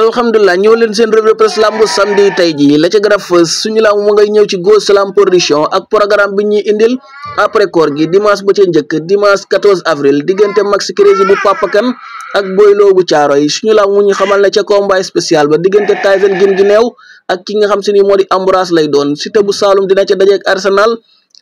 alhamdulilah ñëw leen seen revue de presse lamb samedi tey jii la ca a fës suñu lamb mu ngay ñëw ci Go Salam production ak programme bi ñuy indil après koor gi dimanche ba njëkk dimanche 14 avril diggante Max Crési bu Papakan ak Boylo bu Caaro yi suñu lamb mu ñu xamal ne ca combat spécial ba diggante Tyson gin gi neew ak ki nga xam si ni moo di Ambroise lay doon Siteu bu Saalum dina ca dajeek Arsenal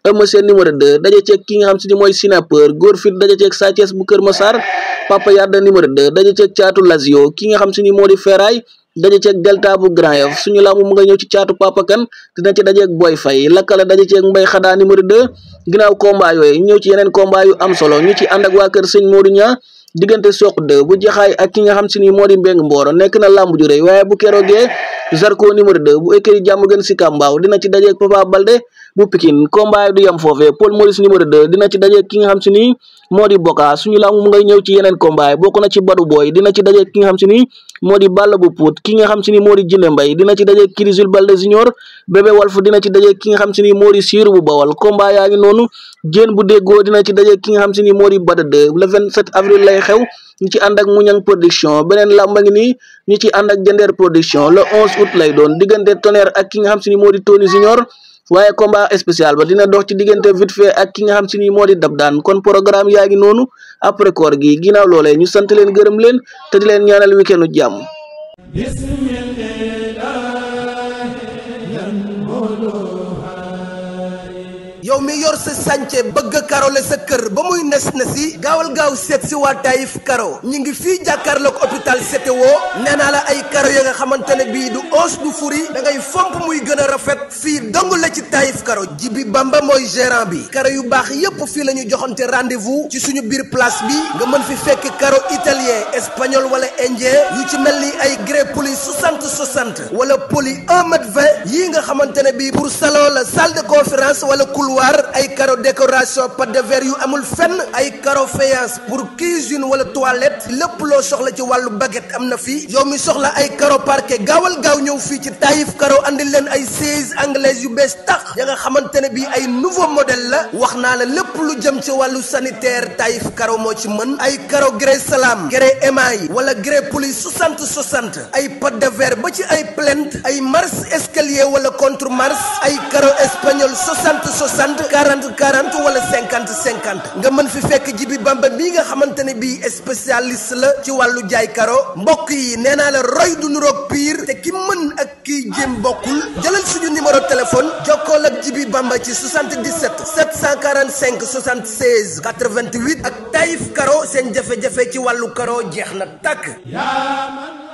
Eumeu Sène numéro 2 daje ceeg ki ga xam si ni mooy Sinapeur góor fit daje ceeg Sa Thiès bu Kër Massar Papa Yadda numéro 2 daje ceeg ki nga xam si ni moo di Ferraille daje ceeg Delta bu Grand Yoff suñu laamu mu nga ñëw ci caatu Papa Kan dina ci dajeeg Boy fay lakkale daje ceeg Mbay Xadaa numéro 2 ginnaaw combat yooyu ñëw ci yenen combat yu am solo ñu ci ànd ak waa kër sëñ Modou Niang diggante soq de bu jaxaay ak ki nga xam si ni moo di mbéng mbooro nekk na làmb ju rëy waaye bu keroogee Zarko numéro 2 bu ékri jàmm gën si kàmbaaw dina ci dajeeg Papa Balde bu Pikine combat yi du yem foofee Paul Maurice numéro dina ci daje ki nga xam si ni moo di Boka suñu laamu mu ngay ñëw ci yeneen combat bokk na ci Badou Boy dina ci daje ki nga xam si ni moo di Balla bu Pout ki nga xam si ni moo di Jinde Mbay dina ci daje ki di Jules Balde Junior Bébé Walf dina ci daje ki nga xam si ni moo di Siiru bu Bawal combat yaa noonu Jéen bu Déggoo dina ci daje ki nga xam si ni moo di Bada 2 le 27 avril lay xew ñu ci ànd ak Muñang production beneen làmba nii ñu ci ànd ak Jëndeer production le 11 lay doon diggante Tonnerre ak ki nga xam si ni moo di Tony Junior waaye combat spéciale ba dina dox ci diggante vite fait ak ki nga xam si ni moo di dab daan kon programme yaa ngi noonu après koor gi ginnaaw loole ñu sant leen gërëm leen te di leen ñaanal weekendu jàmm yow mi yor sa sànce bëgg karole sa kër ba muy nes na si gaawal gaaw seet si waa Taïf Karo ñi ngi fii jàkkaarloog hôpital CTO nee naa la ay karo ya nga xamante ne bii du os du furi da ngay fomp muy gën a rafet fii dong la ci Taïf Karo Jibi Bamba mooy gérant bi karo yu baax yépp fii la ñu joxante rendez-vous ci suñu biir place bi nga mën fi fekk karo italien espagnol wala indien yu ci mel ni ay grès poli 60 60 wala poli 1 vin yii nga xamante ne bii pour salon la salle de conférence wala couloir ay caro décoration pâte de verre yu amul fenn ay carreau faïence pour cuisine wala toilette lépp loo soxla ci wàllu baguette am na fii yow mi soxla ay carreau parquet gaawal gaaw ñëw fii ci Taïf caro andi leen ay sièges anglais yu bees tax ya nga xamante ne bii ay nouveau model la wax naa la lépp lu jëm ci wàllu sanitaire Taïf Carreau moo ci mën ay carreau grès salam grès émail wala grès poli 60 60 ay pâte de verre ba ci ay plinthe ay mars escalier wala contre marche ay karo espagnol 60 60 40 wala 50 50 nga mën fi fekk jibi bamba bii nga xamante ne bii spécialiste la ci wàllu jaay karo mbokk yi nee naa la roy du nuroog pire te ki mën ak kiy jéem bokkul jëlal suñu numéro téléphone jokkool ak jibi bamba ci 77 745 76 88 ak Taïf Karo seen jafe-jafe ci wàllu karo jeex na tàkk.